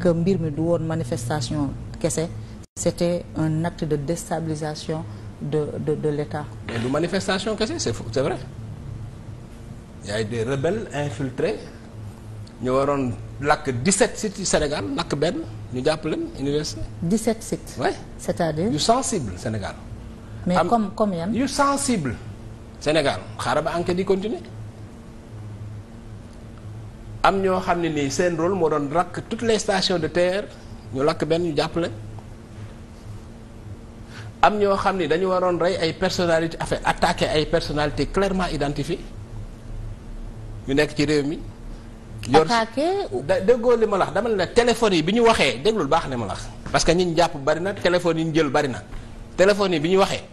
que mbir mi du woon manifestation kese c'était un acte de déstabilisation de de de l'État. mais du manifestation kese c'est fou c'est vrai y a des rebelles ñu waroon lakk 17 sites yu Sénégal nakk benn ñu jàpp leen université. 17 sites. oui c'est-à-dire yu sensible Sénégal. mais Am, comme comme yan. yu sensible Sénégal xaaral ba enquête yi continuer am ñoo xam ne nii seen rôle moo doon rakk toutes les stations de terre ñu lakk benn ñu jàppale am ñoo xam ni dañu waroon rey ay personnalité affaire attaqué ay personnalité clairement identifiée ñu nekk ci réew mi. yor attaqué da déggoo li ma lax wax dama ne la téléphones yi bi ñu waxee déglul baax ne ma la wax. parce que ñi ñu jàpp bari na téléphone yi ñu jël bari na téléphones yi bi ñu waxee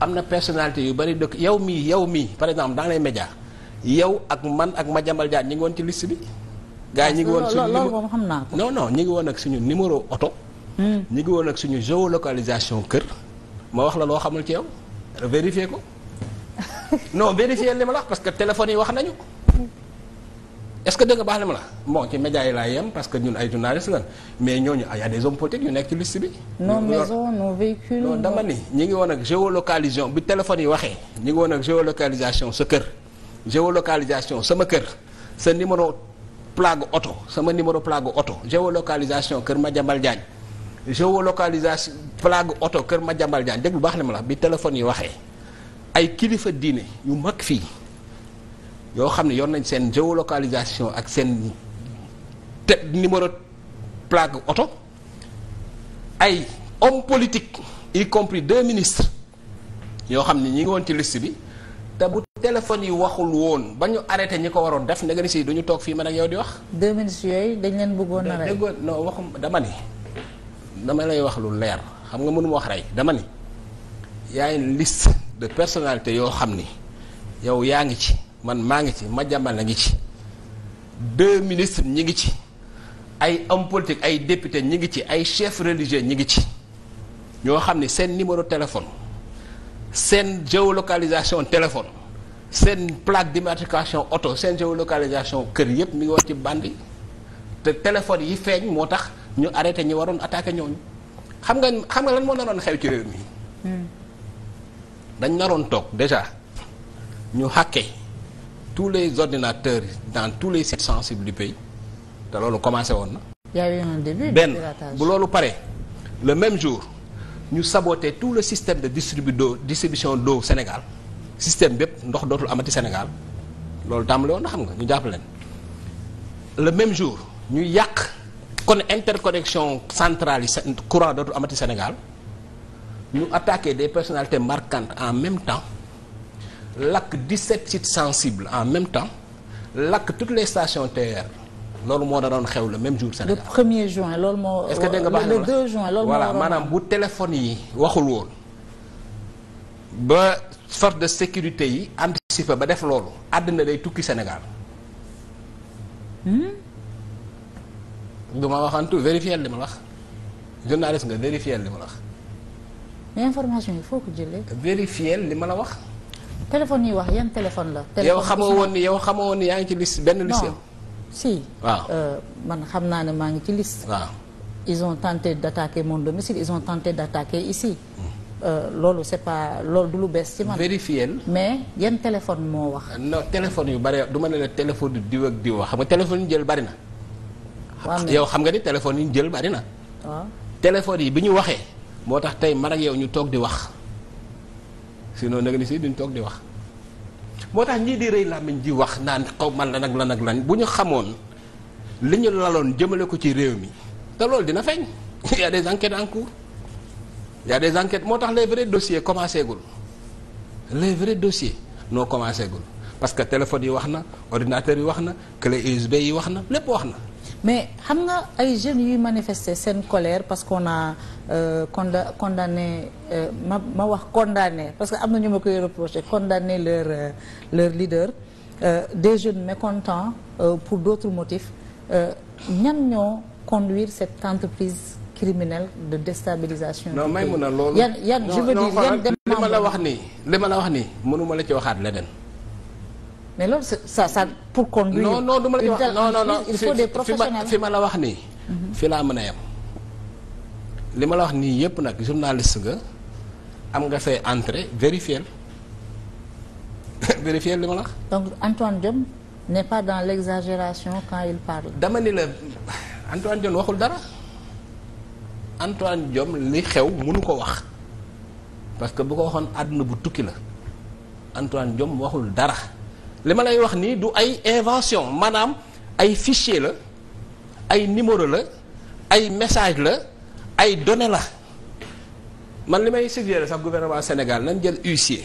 am na personalité yu bari dëkk yow mii yow mii par exemple dans les médias. yow ak man ak Madiambal Diagne ñi ngi woon ci liste bi. gaa yi ñi ngi woon suñu loolu moom xam naa ko. non non ñi ngi woon ak suñu numéro oto. Hmm. ñi suñu géolocalisation kër. ma wax la loo xamul ci yow vérifier ko non vérifier li ma la wax parce que téléphone yi wax nañu. est-ce que dëgg baax na ma la moo ci média yi laa yem parce que ñun ay journalistes la mais ñooñu ah, y a des hommes politiques yu nekk ci liste bi. nos maisons nos véhicules. non dama ni ñi ngi woon ak géolocalisation bi téléphone yi waxee. ñi ngi woon ak géolocalisation sa kër. géolocalisation sama kër sa numéro plaque oto sama numéro plaque oto géolocalisation kër ma Madiambal Diagne géolocalisation plaque oto kër Madiambal Diagne dégg bu baax li ma la bi téléphone yi waxee ay kilifa diine yu mag fii yoo xam ne yoon nañ seen géolocalisation ak seen te numéro plaque oto ay homme politique y compris deux ministres yoo xam ne ñi ngi woon ci liste bi te bu téléphone yi waxul woon ba ñu arrêté ñi ko waroon def ndege si du toog fii man ak yow di wax. deux minutes yooyu dañ leen bëggoon a rey. déggoon non waxum dama ni dama lay wax lu leer xam nga mënuma wax rey dama ni y a une de personalité yoo xam ni yow yaa ngi ci man maa ngi ci ma jàmbal la ngi ci deux ministres ñi ngi ci ay hommes politiques ay députés ñi ngi ci ay chef religieux ñi ngi ci ñoo xam ni seen numéro téléphone. seen géolocalisation téléphone seen plaque d'immatriculation oto seen géolocalisation kër yëpp mu ngi woon ci bandi te téléphone yi feeñ moo tax ñu arrêté ñi waroon attaqué ñooñu xam nga xam nga lan moo naroon xew ci réew mi hmm. dañ naroon toog déjà ñu hacké tous les ordinateurs dans tous les sites sensibles du pays te loolu commencé woon na. y a eu un benn bu loolu pare le même jour. ñu saboter tout le système de distribu d'eau distribution d'eau Sénégal système bépp ndox dootul amati Sénégal loolu tàmbale woon na xam nga ñu jàpp leen le même jour ñu yàq kon interconnexion centrale yi courant dootul amati Sénégal ñu attaqué des personnalités marquantes en même temps lakk 17 sites sensibles en même temps lakk toutes les stations TER loolu moo danoon xew la même jour Sénégal. le premier juin loolu moo. est-ce que dégg nga baax le deux juin loolu yi waxul woon ba de sécurité yi anticiper ba def loolu àddina day tukki Sénégal. Hmm? du ma waxantu vérifier li ma wax journaliste nga vérifier li ma wax. mais information foo ko jëlee. vérifier li ma la wax. téléphone yi wax yan téléphone la. yow xamoo woon ni yow xamoo woon yaa ngi ci liste benn liste. si waaw euh, man xam naa ne maa ngi ci liste waaw ils ont tenté d'attaquer mon domicile ils ont tenté d'attaquer ici hmm. euh, loolu c'est pas loolu du lu bees ci man vérifier mais yan téléphone moo wax non téléphone yu bari du ma ne la téléphone diw ak diw téléphone yu jël bari na yow xam nga ni téléphone yi ñu jël bari na waaw téléphone yi bi ñu waxee moo tax tey man ak yow ñu toog di wax sinon nag ni si duñ toog di wax moo tax ñii di rëy làmmiñ di wax naan xaw man la nag la nag lan bu ñu xamoon li ñu laloon jëmale ko ci réew mi te loolu dina feeñ y a des enquêtes en cours y a des enquêtes moo tax les vrais dossiers commencé gul les vrais dossiers noo commencé gul parce que téléphone yi wax na ordinateur yi wax na clé USB yi wax na lépp wax na mais xam nga ay jeunes yuy manifester seen colère parce qu'on a euh, condamné euh, ma ma wax condamné parce que am na ñu ma koy reproché condamné leur euh, leur leader euh, des jeunes mécontents euh, pour d'autres motifs euh, ñan ñoo conduire cette entreprise criminelle de déstabilisation. non may mun a loolu yan yan je li ma la wax nii mënuma la ci waxaat leneen. mais loolu ça pour conduire. non non du la wax non non non il faut fi ma la wax nii. Mhm. fi laa mën a yem. li ma la wax nii yëpp nag journaliste nga am nga say entrée vérifier vérifier li ma la wax. donc Antoine Diome n'est pas dans l'exagération quand il parle. dama ni la Antoine Diome waxul dara Antoine Diome li xew mënu ko wax parce que bu ko waxoon àdduna bu tukki la Antoine Diome waxul dara. li ma lay wax nii du ay invention maanaam ay fichier la ay numéro la ay message la ay données la man li may suggérer sax gouvernement Sénégal nañ jël huissier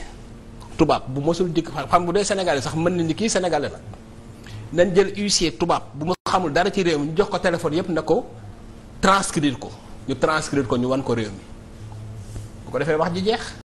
tubaab bu mosul dikk xam bu dee Sénégalais sax mën na kii Sénégalais la nañ jël huissier tubaab bu ma xamul dara ci réew mi ñu jox ko téléphone yépp na ko transcrire ko ñu transcrire ko ñu wan ko réew mi bu ko defee wax ji jeex